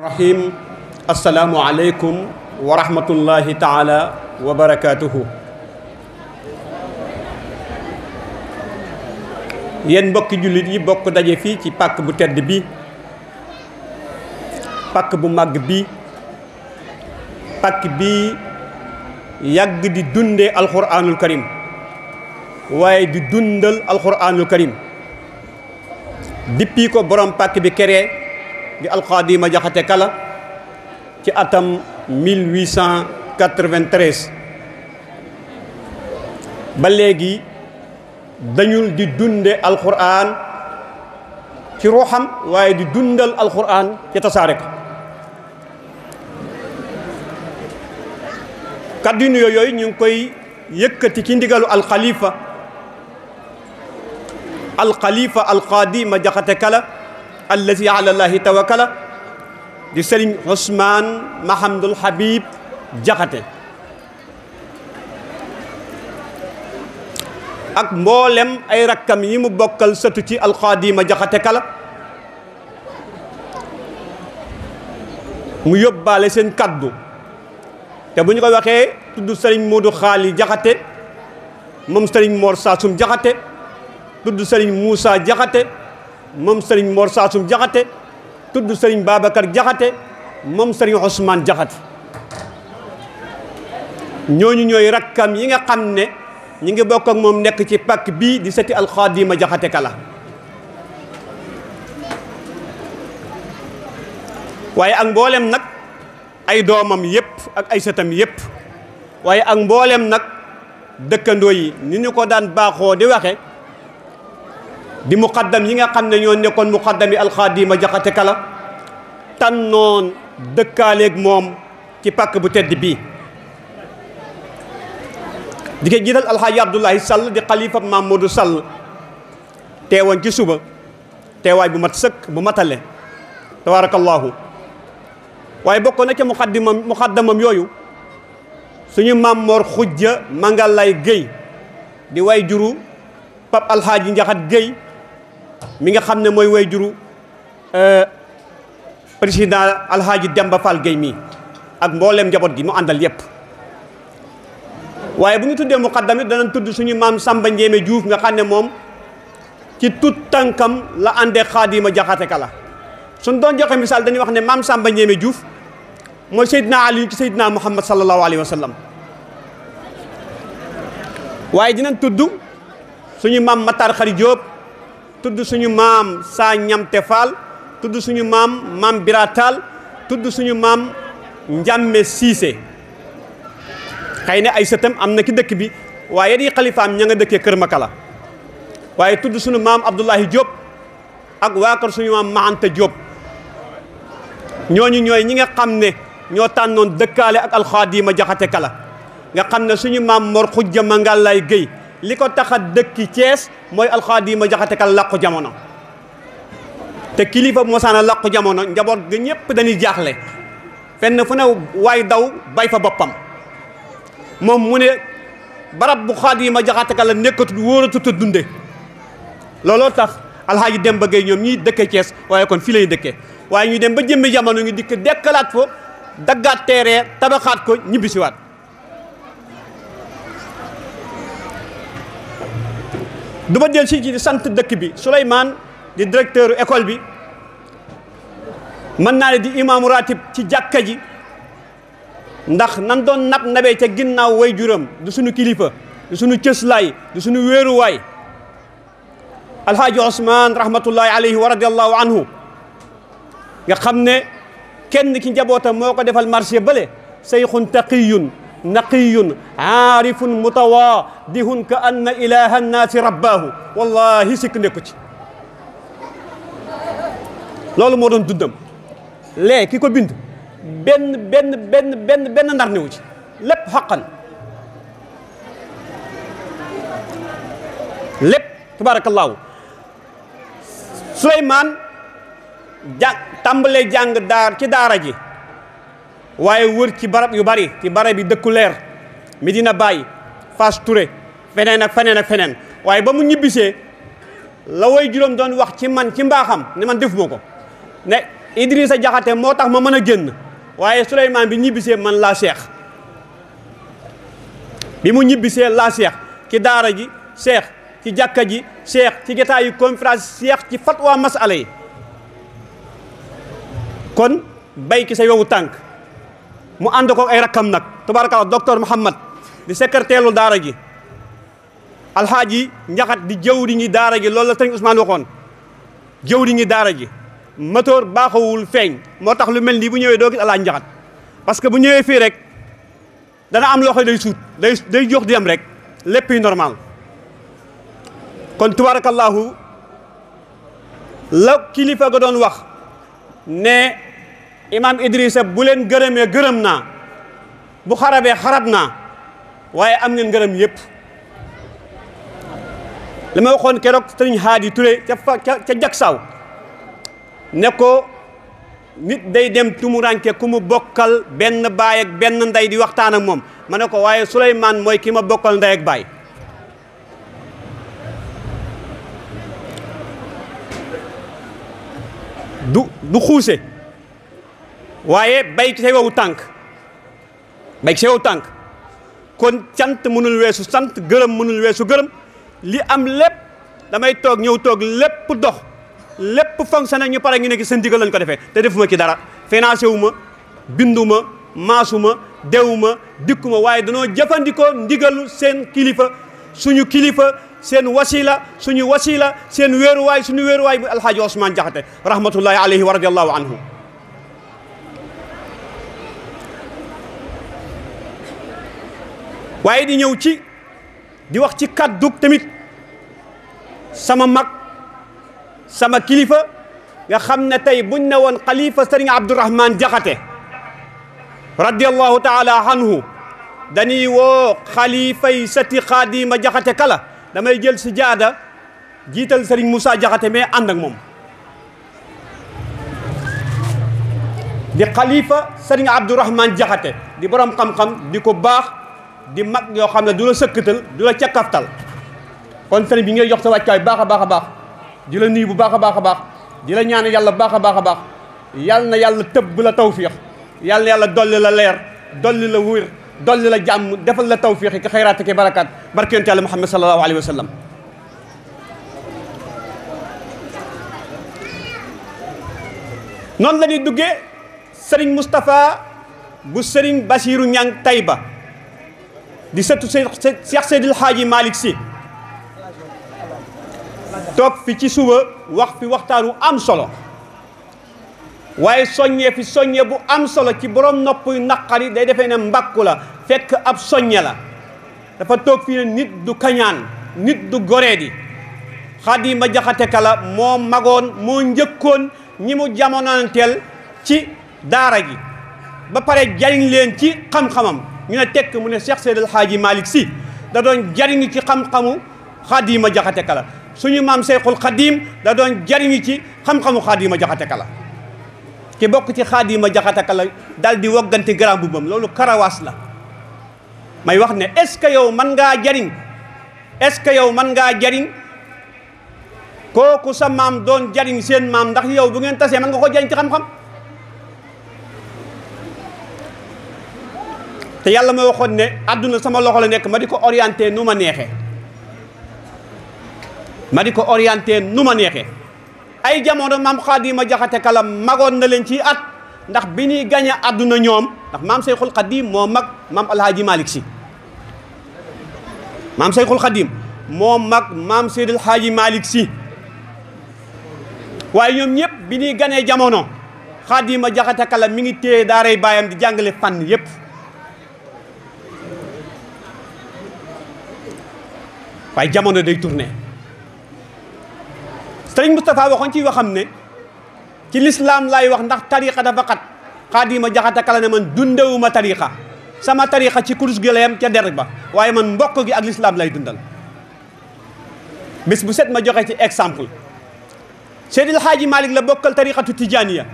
الرحيم السلام عليكم ورحمة الله تعالى وبركاته yéen mbokki jullit yi bokk daje fii ci pàkk bu tedd bi pàkk bu màgg bi pàkk bi yàgg di dundee alxuraanul karim waaye di dundal alxuraanul karim dippi ko borom pàkk bi keree di al ma jaxate kala ci atam 1893 ba legi dañul di al-Quran, ci ruham waye di dundal qur'an ci tasarik ko kaddu yu nuyoo ñu ngi koy yëkëti ci ndigalu al-Khalifa al ma jaxate kala allazi ala llahi tawakkala di sëriñ Ousmane Mahamdul Habib Jaxate ak mboolem ay rakkam yi mu bokkal sëtu ci alxaadima jaxate kala mu yóbbaale seen kaddu te bu ñu ko waxee tudd sëriñ Modou Xaali jaxate moom sëriñ Mor Saasum jaxate tudd sëriñ Moussa jaxate moom sëriñ Mor Saasum Jaxate tudd sëriñ baabakar Jaxate moom sëriñ Ousmane Jaxate ñooñu ñooy rakkam yi nga xam ne ñu ngi bokk ak moom nekk ci pàkk bii di seti alxaadima Jaxate kala waaye ak mboolem nag ay doomam yëpp ak ay sëtam yëpp waaye ak mbooleem nag dëkkandoo yi ni ñu ko daan baaxoo di waxe di muqaddam yi nga xamne ñoo nekkon muqaddami al khadim jaqate kala dekkale ak mom ci pak bu tedd bi di ko Al Hayy abdullah sall di khalifa mamadou sall teewon ci suba teway bu mat sëkk bu matale tabarakallahu waaye bokko na ci muqaddimam muqaddamam yoyu suñu mangalay geey di way juru pap Al alxaaji njaxat geey mi nga xamne moy wayjuru euh juru président alhaaji Demba Fall Gueye mi ak mbollem jabot gi mu andal yep waye bu ñu tuddé muqaddami da nañ tudd suñu mam Samba Ndiémé juuf nga xamne mom ci tut tankam la andé khadima jaxate kala suñ doon joxe misal dañuy wax ne mam Samba Ndiémé juuf moy Seydina Ali ci Muhammad sallallahu alaihi wasallam. waye dinañ tuddu suñu mam Matar khari job tuddu suñu mam sa ñam tefal tuddu suñu mam mam biratal tuddu suñu mam njàmme sisé xëy ay sëtam am ki dëkk bi waye di khalifa am ñanga dëkke kër makala waye tuddu suñu mam abdullahi Diop ak waa suñu mam mahanta Diop ñoñu ñoy ñi nga xam ño tannon dekkale ak al khadim jaxate kala nga xamne suñu mam mor xujja mangalay geey li ko tax a dëkki Cees mooy alxaadima jaxate ka làqu jamono te kilifa bu mosaan a làqu jamono njaboot ga ñëpp dañuy jaaxle fenn fu ne waay daw bay fa boppam moom mu ne barab bu xaadima jaxate ka la nekkatut wóoratut a dunde looloo tax dem ba Gueye ñoom ñiy dëkk Cees waaye kon fii lay dëkke waaye ñu dem ba jëmmi jamono ngi dikk dekkalaat foo daggaat teeree tabaxaat ko ñibbisiwaat du ma del si ci di sant dëkk bi Souleymane di directeur école bi mën naa ne di imaamu ratib ci jàkka ji ndax nan doon nab nabee ca ginnaaw way juram du suñu kilifa du suñu cëslaay du suñu wéeruwaay alhaaji Ousmane rahmatullahi alayhi wa radiallahu anhu nga xam ne kenn ki njabootam moo ko defal marché bële sayxun taqiyun naqiyun aarifun mutawaadihun ka anna ilaha nnaasi rabbaahu wallahi sikk nekku ci loolu moo doon dundam lee ki ko bind benn benn benn benn benn ndar newu ci lépp xaqan lépp tabaarakallaahu Suleymaan jàng tàmbalee jàng daar ci daara ji waye wër ci barab yu bari ci barab bi dëkku leer Medina bay, fas Touré fenen ak fenen ak fenen waye ba mu ñibisé la way juróom doon wax ci man ci mbaxam ne man def moko ne Idrissa Jaxate motax ma mëna genn waye waaye bi ñibisé man la cheikh bi mu ñibisé la cheikh Ki daara ji cheikh ci jakka ji cheikh ci yu conférence cheikh ci fatwa masalé kon bay ki sa yowu tank mu ànd ko ay rakkam nag tabarakallah docteur mohammed di secrétaire lu gi al alxaaji njaxat di jewri ni dara gi loolu la sëriñ Ousmane waxoon jewri ni dara gi motor baxawul feñ motax lu melni bu ñewé doo gis njaxat parce que bu ñewé fi rek dana am xoy day sout day day jox di am rek lepp normal kon tubaarakallaahu la kilifa ga don wax ne imaam Idrissa bu leen gërëmee gërëm naa bu xarabee xarab naa waaye am ngeen gërëm yépp li ma waxoon keroog sëriñ Haadi Touré ca fa ca ca Jaksaaw ne ko nit day dem tumuranke ku mu bokkal benn baay ak benn ndey di waxtaan ak moom ma ne ko waaye Souleymane mooy kii ma bokkal ndey ak baay du du xuuse waaye bay ci say tànk bay ci say tànk kon cant mënul weesu sant gërëm mënul weesu gërëm li am lépp damay toog ñëw toog lépp dox lépp fonctionné ñu pare ñu nekk seen digal lañ ko defee te defuma ci dara financé wu ma bindu ma maasu ma dikku ma waaye danoo jëfandikoo ndigalu seen kilifa suñu kilifa seen wasila suñu wasila seen wéeruwaay suñu wéeruwaay bu alxaaji Ousmane Jaxate rahmatullahi alayhi wa radiallahu anhu waye di ñëw ci di wax ci kaddu tamit sama mag sama kilifa nga xamne tay buñ ne woon xalifa sëriñ Abdourahmane Jaxate radiyallahu taala anhu dani wo khalifa sati xaadima jaxate kala damay jël ci jaada jital serigne Moussa Jaxate mais ànd ak mom di xalifa sëriñ Abdourahmane Jaxate di borom xam-xam diko bax di mag yoo xam ne du la sëkkatal du la cakkaftal kon sëriñ bi ngay jox sa wàccaay baax a baax a baax di la nuyu bu baax a baax a baax di la ñaan yàlla baax a baax a baax yàlla na yàlla tëbb la tawfiix yal na yàlla dolli la leer dolli la wér dolli la jàmm defal la tawfiix yi ka xayraat ak barakaat barke yonent yàlla Muhammad sallallahu alayhi wa noonu la ñuy duggee sëriñ Moustapha bu sëriñ Basiiru Ñang Tayba di sëtu Cheikh xaaj Hadji Malick Sy toog fi ci suba wax fi waxtaanu am solo waaye soññee fi soññe bu am solo ci boroom nopp yu naqari day defe ne mbàkku la fekk ab soññe la dafa toog fii ne nit du kañaan nit du goreedi Xaadima Jaxate Kala moo magoon moo njëkkoon ñi mu jamonoonteel ci daara ji ba pare jariñ leen ci xam-xamam ñu ne tekk mu ne Cheikh Seydil Hadji Malick si da doon jariñu ci xam-xamu Xaadima Jaxate Kala suñu maam Seyxul Xadim da doon jariñu ci xam-xamu Xaadima Jaxate Kala ki bokk ci Xaadima Jaxate Kala dal di wogganti garaam bubam loolu karawaas la may wax ne est-ce que yow man ngaa jariñ est-ce que yow man ngaa jariñ kooku sa maam doon jariñ seen maam ndax yow bu ngeen tasee mën nga ko jariñ ci xam-xam te yàlla ma waxone ne aduna sama loxo la nek ma diko orienter orienté nexe ma diko orienter numa nexe orienté ay jamono mam khadima Jaxate kalam magon na len ci at ndax biñi ñuy aduna ñom ndax mam shaykhul qadim mo mag mam alhaji malik Si mam shaykhul qadim mo mag mam Seydil haji malik Si waye ñom ñep biñi ñuy jamono khadima Jaxate kalam mi ngi téye daaray bayam di jàngale fan yëpp waaye jamono day tourné sëriñ Moustapha waxoon ci waxam ne ci lislaam laay wax ndax tariqa dafa xat xaadima jaxata kala ne man dundewuma tariqa sama tariqa ci kurus gi la ca der ba waaye man mbokk gi ak lislaam lay dundal bis bu set ma joxe ci exemple Seydil Xaaji Malick la bokkal tariqatu tijaaniya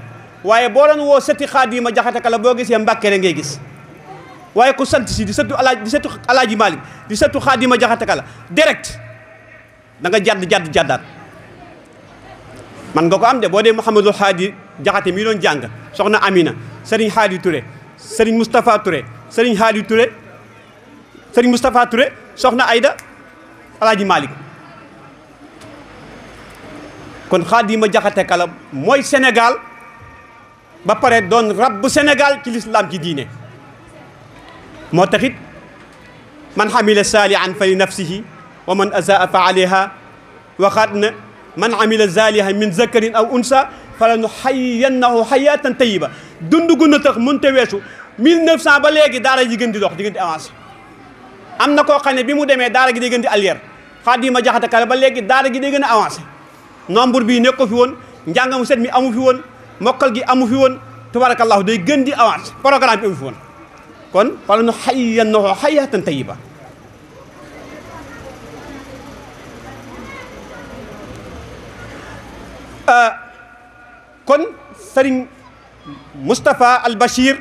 waaye boo doon woo seti xaadima jaxata kala boo gisee mbàkke ngay gis waaye ko sant si di sëtu alaaj di sëtu alaaji Maalik di sëtu Xaadima Jaxate Kala direct danga nga jàdd jàdd jàddaat man nga ko am de boo dee Mouhamadou Haadi Jaxate mi doon jàng soxna Amina Serigne Haadi Touré Serigne Moustapha Touré sëriñ Haadi Touré Serigne Moustapha Touré soxna Ayda alaaji malik kon Xaadima Jaxate Kala mooy Sénégal ba pare doon rab bu Sénégal ci lislaam ci diine موتاخيت من حمل سالعا فلنفسه ومن أزاء فعليها وخاتنا من عمل زالها من ذكر أو أنثى فلنحيينه حياة طيبة دندقنا تخ منتويشو من نفسها بلغة دارة جيجن دي دوخ دي جيجن أماس أمنا كو قاني بمو دمي دارة جيجن دي ألير خادي ما جاحتك على بلغة دارة جيجن أماس نمبر بي نيكو فيون نجانا مسيد مي أمو فيون مقل جي أمو فيون تبارك الله دي جيجن دي أماس بي أمو فيون kon wala nu xayyannahu xayaatan tayiba kon sëriñ Moustapha Al Bachir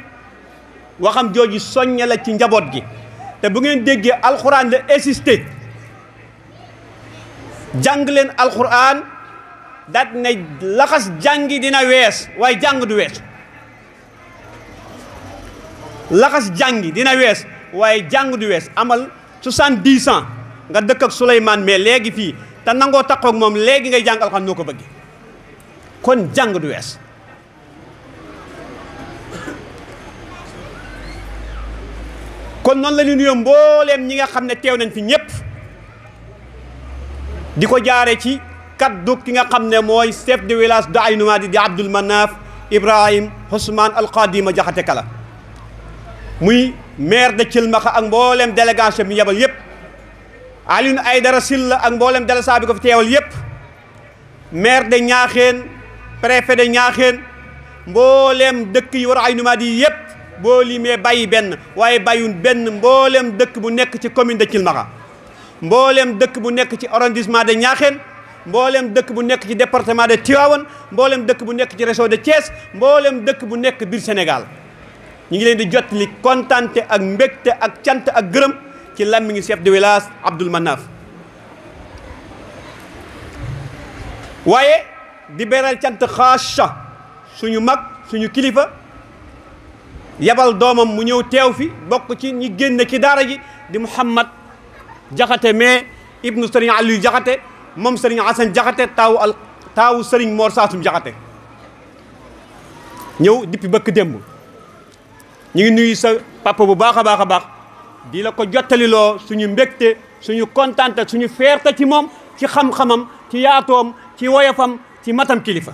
waxam jooju soññe la ci njaboot gi te bu ngeen déggee alxuraan la insisté jàng leen alxuraan daat ne laxas jàngi dina wees waaye jàng du wees laxas jàng yi dina wees waaye jàng du wees amal soixante-dix ans nga dëkk ak Souleymane mais léegi fii te nangoo taqoo moom léegi ngay jàng alxam noo ko bëggee kon jàng du wees kon noonu lañu ñu mbooleem ñi nga xam ne teew nañ fi ñëpp di ko jaaree ci kaddu ki nga xam ne mooy chef de village da ay numaa di di Abdul Manaaf Ibrahim Ousmane Alqadima Jaxate Kala muy maire de Thilmakha ak mboolem délégation bi yebal yëpp Alioune Aydara Sylla ak mbooleem délégation bi ko fi teewal yëpp maire de Niakhène préfet de Niakhène mboolem dëkk yi war ay numaat yi yëpp boo limee bàyyi benn waaye bàyyun benn mboolem dëkk bu nekk ci commune de Thilmakha mboolem dëkk bu nekk ci arrondissement de Niakhène mboolem dëkk bu nekk ci département de Tivaouane mboolem dëkk bu nekk ci région de Thiès mbooleem dëkk bu nekk biir Sénégal ñu ngi leen di jot li kontante ak mbégte ak cant ak gërëm ci làmmiñu chef de village Abdoul Manaf waaye di beral cant xaasa suñu mag suñu kilifa yabal doomam mu ñëw teew fi bokk ci ñi génn ki daara ji di Mouhamad Jaxate mais ibnu Sëriñ Aliou Jaxate moom Sëriñ Asan Jaxate taawu al taawu Sëriñ Mor Jaxate ñëw depuis bëkk démb ñu ngi nuyu sa papa bu baax a baax a baax di la ko jottaliloo suñu mbégte suñu kontaante suñu feerte ci moom ci xam-xamam ci yaatoom ci woyofam ci matam kilifa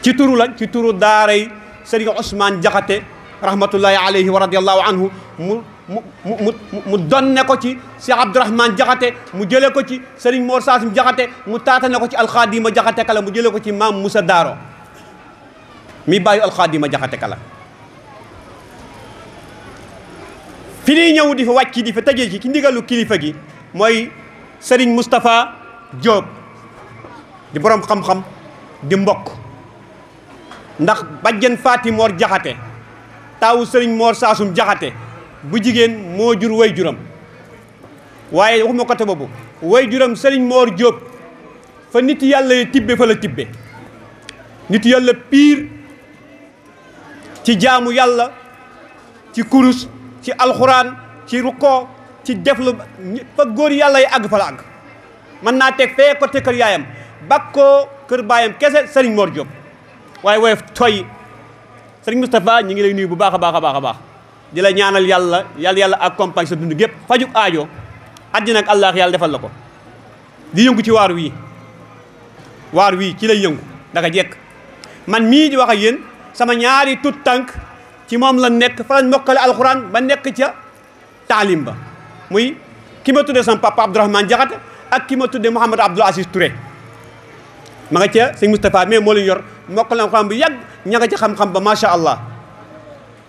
ci turu lañ ci turu daaray sëriñ Ousmane Jaxate rahmatullahi alayhi wa radiallahu anhu mu mu mu mu donne ko ci Cheikh Abdourahmane Jaxate mu jëlee ko ci sëriñ Mor Saasim Jaxate mu taata ne ko ci alxaadima Jaxate kala mu jëlee ko ci maam musa Daaro mi Al alxaadima jaxate kala fi ni ñew di fa wacc di fa tëjee ci ki ndigalu kilifa gi moy Serigne mustafa job di borom xam-xam di mbokk ndax bajjen fatim mor jaxate taw Serigne mor Saasum jaxate bu jigen mo jur way juram way waxuma côté bobu way juram Serigne Mor job, fa nit yalla tibbe fa la tibbe nit yalla pire ci jaamu yalla ci kurus ci alquran ci ruko ci deflu fa gor yalla ay ag fa la àgg mën naa teg kese Serigne Mor job way way toy Serigne Moustapha ñi ngi lay nuyu bu baax a baax baax dila ñaanal yalla yalla yalla accompagne sa dund gep faju aajo adina ak allah yalla defal lako di yëngu ci war wi war wi ci lay yëngu daga jek man mi di wax ak yeen sama ñaari tout tank ci mom la nek fa lañ mokal alquran ba nek ci talim ba muy kima ma sama papa abdourahman jaxata ak kima ma mohammed abdou aziz touré ma nga ci seigne mustapha me mo leen yor mokal alquran bu yag ña nga xam-xam ba macha allah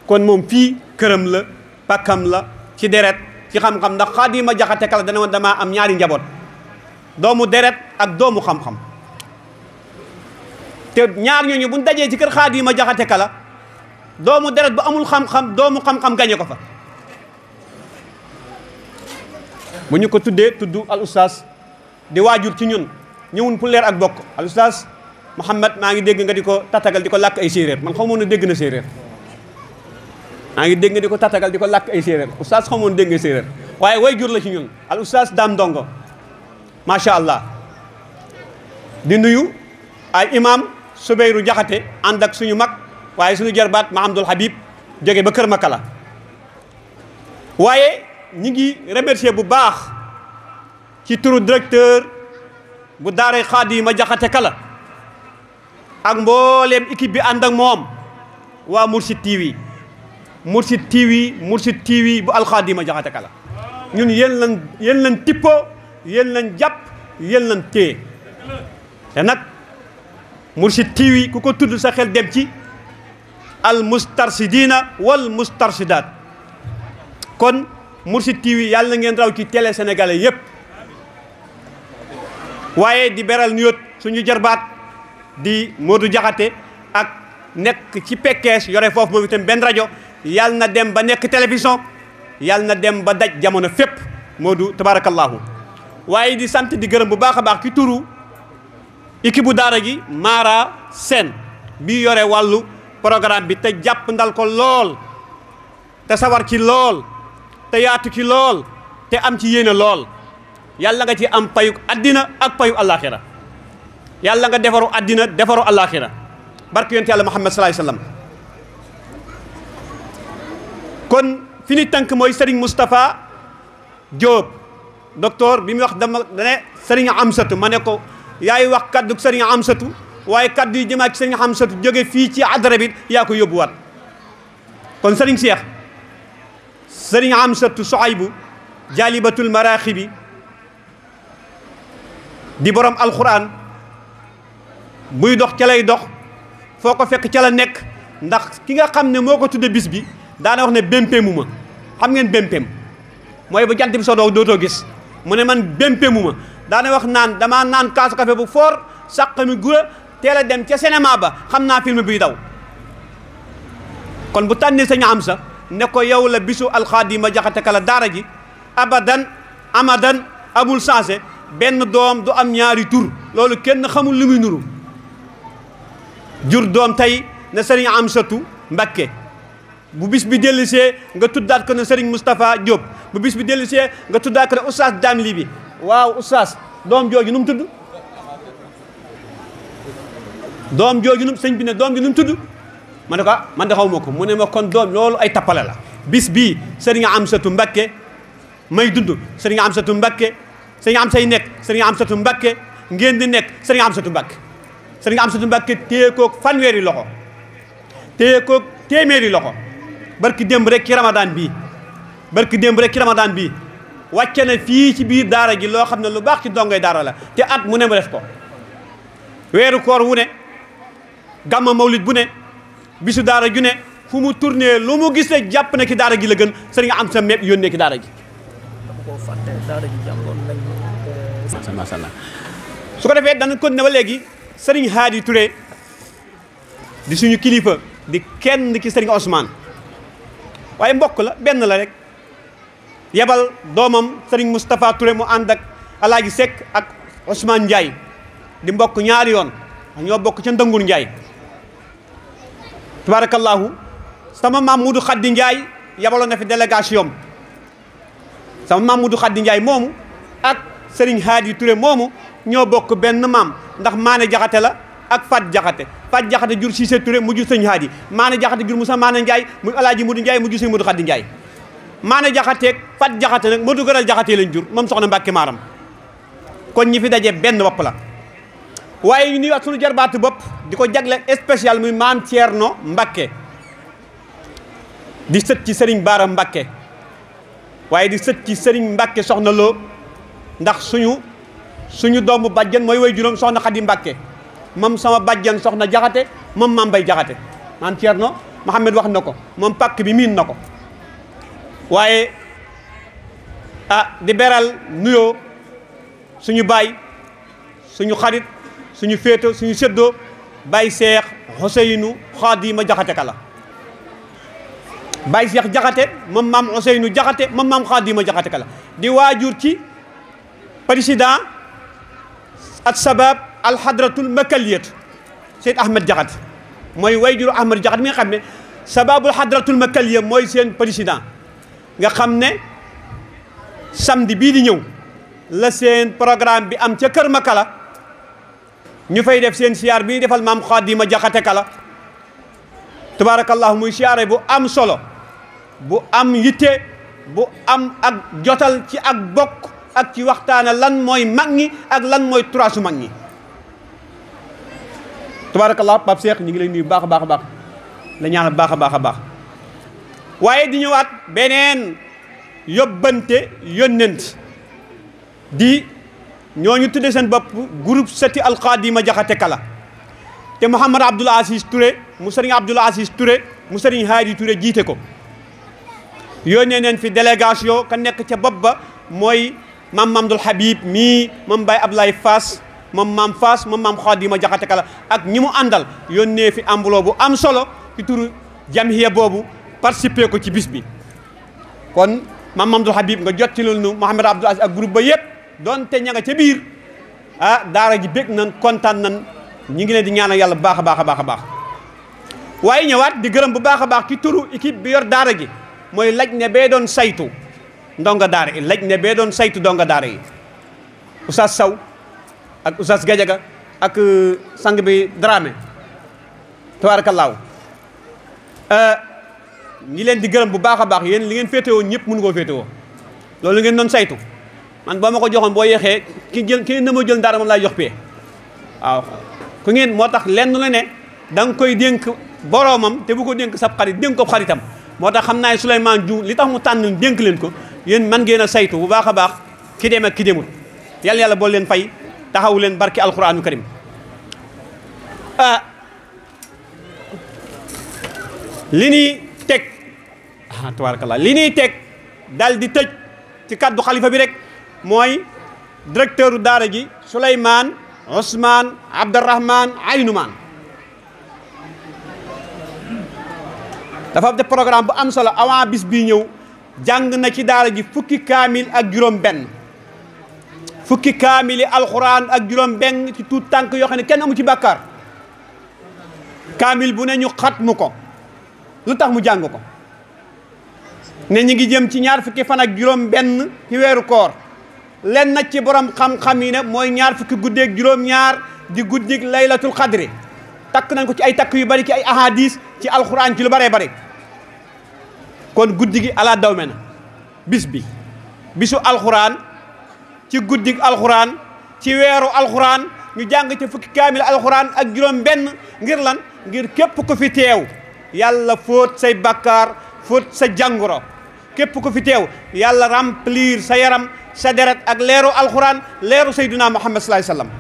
kon mom fi kërëm la pakam la ci deret ci xam-xam ndax khadima jaxata kala dana dama am ñaari njabot doomu deret ak doomu xam-xam te ñaar ñooñu buñ dajee ci kër Xaadima Jaxate Kala doomu deret bu amul xam-xam doomu xam-xam gañe ko fa bu ñu ko tuddee tudd al oustaz di waajur ci ñun ñëwun pour leer ak bokk al oustaz Mouhamed maa ngi dégg nga di ko tatagal di ko làkk ay séeréer man xamoon na dégg na séeréer maa ngi dégg nga di ko tatagal di ko làkk ay séeréer oustaz xamoon dégg nga séeréer waaye waajur la ci ñun al oustaz Dame Ndongo macha allah di nuyu ay imam Soubeyru Jaxate ànd ak suñu mag waaye suñu jarbaat Mahamdul Habib jóge ba Kër Makala waaye ñi ngi remercier bu baax ci turu directeur bu daara Xaadima Jaxate Kala ak mbooleem équipe bi ànd ak moom waa Mourchid TV Mourchid TV Mourchid TV bu alxaadima Jaxate Kala ñun yéen lan yéen lan tippo yéen lan jàpp yéen lan téye te nag mursid tiwi ku ko tudd sa xel dem ci al mustarsidina wal mustarsidat kon mursid tiwi yalla ngeen raw ci télé sénégalais yépp waaye di beral nuyot suñu jarbat di Modou Jaxate ak nekk ci pekkees yoré fofu bo vitam ben radio yàlla na dem ba nek télévision yàlla na dem ba daj jamono fep Modou tabarakallah waaye di sante di gërëm bu baaxa baax ki turu équipe bu daara gi Mara seen bi yore wàllu programme bi te jàpp ndal ko lool te sawar ci lool te yaatu ci lool te am ci yéene lool yàlla nga ci am payu àddina ak payu àllaaxira yàlla nga defaru àddina defaru àllaaxira barke yonent yàlla Muhammad sallallahu alayhi wasallam kon fi ñu tënk mooy Serigne Moustapha Diop docteur bi mu wax dama ne Serigne Amsatu ma ne ko yaay wax kaddu sëriñ Amsatu waaye kaddu yi jëmaat ci sëriñ Amsatu jóge fii ci adara bi yaa ko yóbbuwaat kon sëriñ Seex sëriñ Amsatu Soxaybu jaalibatul maraaxi bi di borom alxuraan buy dox ca lay dox foo ko fekk ca la nekk ndax ki nga xam ne moo ko tudde bis bi daana wax ne bémpéemu ma xam ngeen bémpéem mooy ba jant bi soo doo dootoo gis mu ne man bémpéemu ma daana wax naan damaa naan kaasu café bu foor sàq mi gura teel a dem ca cinéma ba xam naa film biy daw kon bu tànnee sañu am sa ne ko yow la bisu alxaadima jaxate kala daara ji abadan amadan amul saase benn doom du am ñaari tur loolu kenn xamul lu muy nuru jur doom tey na sëriñ am satu mbakke bu bis bi dellisee nga tuddaat ko ne sëriñ Moustapha Diop bu bis bi dellisee nga tuddaat ko ne oustaz Damli bi waaw oustaz doom jooju nu mu tudd doom jooju num sëñ bi ne doom ji nu tudd ma ne ko ah man de xaw ma ko mu ne ma kon doom loolu ay tappale la bis bii sëriñ Amsatu Mbakke may dund sëriñ Amsatu Mbakke sëriñ am say nekk sëriñ Amsatu Mbakke ngeen di nekk sëriñ Amsatu Mbakke sëriñ Amsatu Mbakke téye koog fanweeri loxo téye koog loxo barki démb rek ci ramadan bii barki démb rek ci ramadan bii wàcce na fii ci biir daara ji loo xam ne lu baax ci dongoy daara la te at mu ne mu def ko weeru koor wu ne gàmma mawlid bu ne bisu daara ju ne fu mu tourné lu mu gis rek jàpp na ki daara gi la gën sëriñ am sa mépp yónnee ki daara ji macha allah su ko defee dana continué ba léegi sëriñ Haadi Touré di suñu kilifa di kenn ki sëriñ Ousmane waaye mbokk la benn la rek yebal doomam sëriñ Moustapha Touré mu ànd ak Alaaji Seck ak Ousmane Ndiaye di mbokk ñaari yoon ñoo bokk ca Ndëngur Ndiaye tabaarakallaahu sama maam Mudu Xaddi Ndiaye yebaloon na fi délégation sama maam Mudu Xaddi njaay moomu ak sëriñ Haadi Touré moomu ñoo bokk benn maam ndax maane jaxate la ak Fat jaxate Fat jaxate jur Cissé Touré mu jur sëñ Haadi maane jaxate jur sa maane Ndiaye mu Alaaji Mudu Ndiaye mu jur sëñ Mudu Xaddi Ndiaye maana jaxateeg fat jaxate nag moo du gënal jaxatee lañ jur moom soxna Mbàkke maaram kon ñi fi daje benn bopp la waaye ñu nuyuwaat suñu jarbaatu bopp di ko jagle spécial muy maam Thierno Mbacke di sët ci Serigne Baara Mbacke waaye di sët ci Serigne Mbacke soxna loo ndax suñu suñu doomu bàjjan mooy way juróom soxna Xadi Mbacke moom sama bajjan soxna jaxate moom maam bay jaxate maam Thierno Mohamed wax na ko moom pàkk bi miin na ko waye ah di beral nuyo suñu bay suñu xarit suñu feto suñu seddo bay cheikh xoseynu khadim jaxate kala bay cheikh jaxate mom mam xoseynu jaxate mom mam khadim jaxate kala di wajur ci président at sabab al hadratul makaliyat Seyd Ahmed Jaxate mooy waajuru Ahmed Jaxate mi nga xam الحضره sababul xadratul makaliya mooy nga xam ne samedi bii di ñëw la seen programme bi am ca Kër Makala ñu fay def seen siyaar bi ñu defal maam ma Jaxate Kala tabaarakallahu muy siyaare bu am solo bu am yitte bu am ak jotal ci ak bokk ak ci waxtaana lan mooy mag ñi ak lan mooy su mag ñi tabaarakallahu Pape ñu ngi lay nuyu baax a baax a baax la baax a baax a baax waaye di ñëwaat beneen yóbbante yónnent di ñooñu tudde seen bopp groupe sati alxaadima jaxate kala te Mouhamad Abdoul Aziz Touré mu sëriñ Abdoul Aziz Touré mu sëriñ Haadi Touré jiite ko yónnee neen fi délégation ka nekk ca bopp ba mooy maam Mamdul Habib mii moom Baye Ablaye Fass mam maam Fass moom maam Xaadima jaxate kala ak ñi mu àndal yónnee fi ambulo bu am solo ci turu jamhiya boobu participer ko ci bis bi kon mam mamdul habib nga jotilul nu mohammed abdul aziz ak groupe ba yeb donte ña nga ca ah dara ji bég nan contane nan ñi ngi leen di ñaanal yalla baax a baaxa a baax a ñewat di gërem bu baaxa a baax ci turu équipe bi yor dara gi moy laj ne be don saytu ndonga dara yi laj ne be don saytu ndonga dara yi oustaz saw ak oustaz gajaga ak euh, sang bi dramé tabarakallahu euh ñi leen di gërëm bu baax a baax yéen li ngeen féetewoo ñëpp mënu koo féetewoo loolu ngeen doon saytu man boo ma ko joxoon boo yeexee ki jël ki na ma jël dara moom laay jox pee waaw ku ngeen moo tax lenn la ne danga koy dénk boroomam te bu ko dénk sab xarit dénk ko xaritam moo tax xam naa Souleymane Diouf li tax mu tànn dénk leen ko yéen man ngeen saytu bu baax a baax ki dem ak ki demul yàlla yàlla bool leen fay taxaw leen barki alquranu karim ah tabarakallah li ni tek dal di tej ci kaddu khalifa bi rek moy directeur daara ji sulayman usman Abdurrahman Aynuman dafa def programme bu am solo avant bis bi ñew jang na ci daara ji fukki kamil ak juroom ben fukki kamil alquran ak juroom ben ci tout tank yo xam kenn amu ci bakkar kamil bu ne ñu xat ko lutax mu jang ko ne ñi ngi jëm ci ñaar fukki fan ak juroom benn ci wéru koor na ci borom xam-xam yi ne mooy ñaar fukki guddeeg juróom ñaar di guddik laylatul qadr. takk nañ ko ci ay takk yu bari ci ay ahadis ci alquran ci lu bare bare kon guddi gi ala dawme na bis bi bisu alquran ci guddik alquran ci wéru alquran ñu jàng ci fukki kamil alquran ak juróom benn ngir lan ngir képp ko fi teew yàlla foot say bakar foot sa jangoro képp ku fi teew yàlla remplir sa yaram sa deret ak leeru alxuraan leeru sayduna muhammad sallallahu alayhi wasallam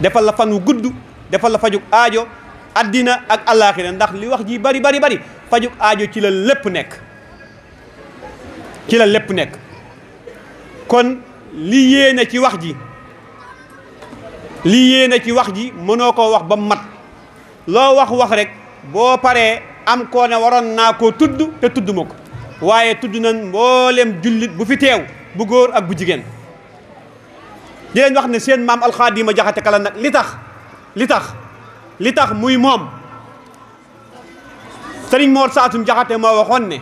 defal la fan wu gudd defal la fajug aajo àddina ak àllaaxira ndax li wax ji bari bari bari fajug aajo ci la lépp nekk ci la lépp nekk kon li yéene ci wax ji li yéene ci wax ji mënoo ko wax ba mat loo wax wax rek boo paree am ko ne waron na ko tuddu te tudduma ko waye tuddu nan mbollem julit bu fi tew bu gor ak bu jigen di len wax ne sen mam al khadima jaxate kala nak litax litax litax muy mom serigne mor saatum jaxate mo waxon ne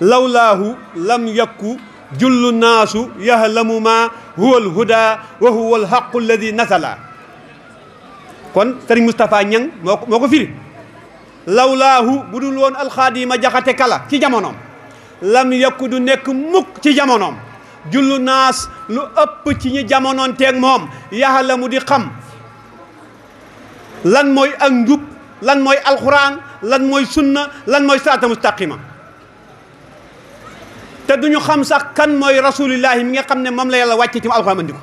lawlahu lam yakku jullu nasu yahlamu ma huwa al huda wa huwa al haqq alladhi nazala kon serigne Mustafa ñang moko firi lawlaahu bu dul woon alxaadima jaxate kala ci jamonoom lam yakku du nekk mukk ci jamonoom jullu naas lu ëpp ci ñi jamonoon teeg moom yaxala mu di xam lan mooy ak njub lan mooy alxuraan lan mooy sunna lan mooy sirata mustaqima te duñu xam sax kan mooy rasulillahi mi nga xam ne moom la yàlla wàcce ci mu alxuraan andi ko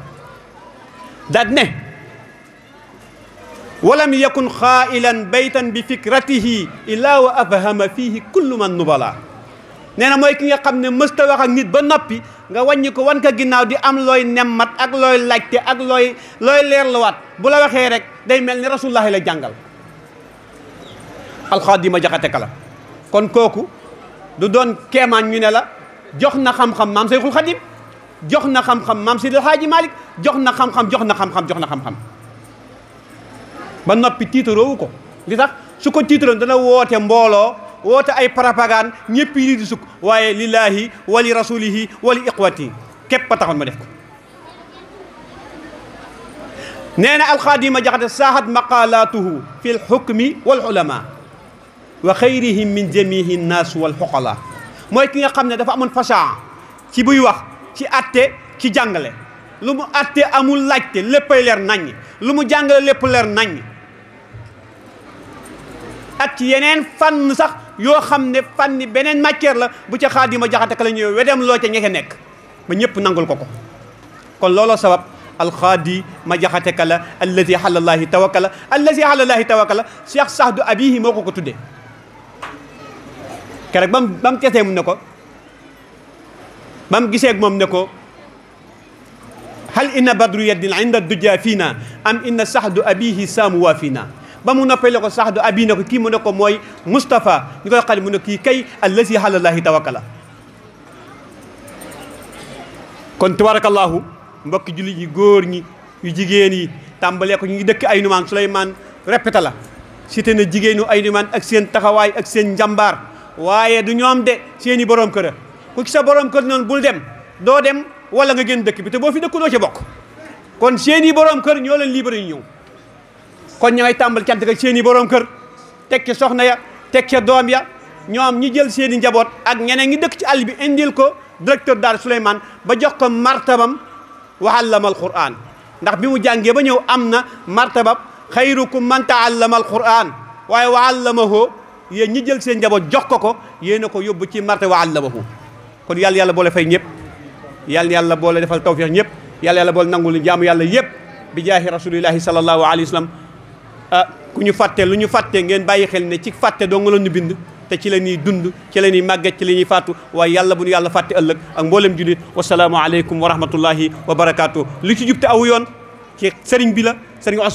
daat ne ولم يكن خائلا بيتا بفكرته إلا وأفهم فيه كل من نبلا nee na mooy ki nga xam ne mësta wax ak nit ba noppi nga wàññi ko wan ko ginnaaw di am looy nemmat ak looy laajte ak looy looy leerluwaat bu la waxee rek day mel ni rasulullahi la jàngal alxaadima jaxate kala kon kooku du doon keemaan ñu ne la jox na xam-xam maam Seyxul Xadim jox na xam-xam maam Sidil Haaji Malik jox na xam-xam jox na xam-xam jox na xam-xam ba noppi tiitaroowu ko li tax su ko tiitaroon dana woote mbooloo woote ay propagande ñëpp yi di sukk waaye lillaahi wali rasulihi wali iqwati képp a ma def ko nee na alxaadima jaxate saahat maqalaatuhu fi lxukmi wal ulama wa xayrihim min jamihi mooy ki nga xam ne dafa amoon façon ci buy wax ci atte ci jàngale lu mu àttee amul laajte léppay leer naññ lu mu jàngale lépp leer naññ ak ci yeneen fan sax yoo xam ne fànni beneen matière la bu ca xaadima jaxate ka la ñëw wedem loo ca ñeke nekk ba ñëpp nangul ko ko kon looloo sabab alxaadi ma jaxate ka la allazi xalallaahi tawakkala allazi xalallaahi tawakkala cheikh sahdu abihi moo ko ko tuddee keroog bam ba mu tesee mu ne ko ba mu gisee moom ne ko هل إن بدر يد عند الدجا فينا أم إن سحد أبيه سام وافينا بمو نفعل سحد أبينا كي منك موي مصطفى يقول قال منك كي الذي حال الله توكلا كن تبارك الله مبك جولي يغورني يجيغيني تامبالي كو نيغي دك اي نومان سليمان ريبيتالا سيتي نا جيغينو اي نومان اك سين تاخواي اك سين جامبار وايي دو نيوم دي سيني بوروم كره كو سا بوروم كره نون بول ديم دو ديم wala nga gën dëkk bi te boo fi dëkku doo ca bokk kon seen i borom kër ñoo leen libéré ñu ñëw kon ña ngay tàmbal cant ak seen i borom kër teg ci soxna ya teg ca doom ya ñoom ñi jël seen i njaboot ak ñeneen ngi dëkk ci àll bi indil ko directeur Darou Souleymane ba jox ko martabam wa allama alquran ndax bi mu jàngee ba ñëw am na martabam xayrukum man taallama alquran waaye wa allamahu yéen ñi jël seen njaboot jox ko ko yéen a ko yóbbu ci marta wa allamahu kon yàlla yàlla boole fay ñëpp yàlla yàlla boole defal tawféex ñëpp yàlla yàlla boole nangul jaamu yàlla yëpp bi jaahi rasulillahi sallallahu alayhi wa sallam ah ku ñu fàtte lu ñu fàtte ngeen bàyyi xel ne ci fàtte doo nga ñu bind te ci la ñuy dund ci la ñuy màgget ci la ñuy faatu waaye yàlla bu ñu yàlla fàtte ëllëg ak mboolem jullit wasalaamu aleykum wa rahmatullahi wa barakaatu. lu ci jub te aw yoon ci sëriñ bi la sëriñ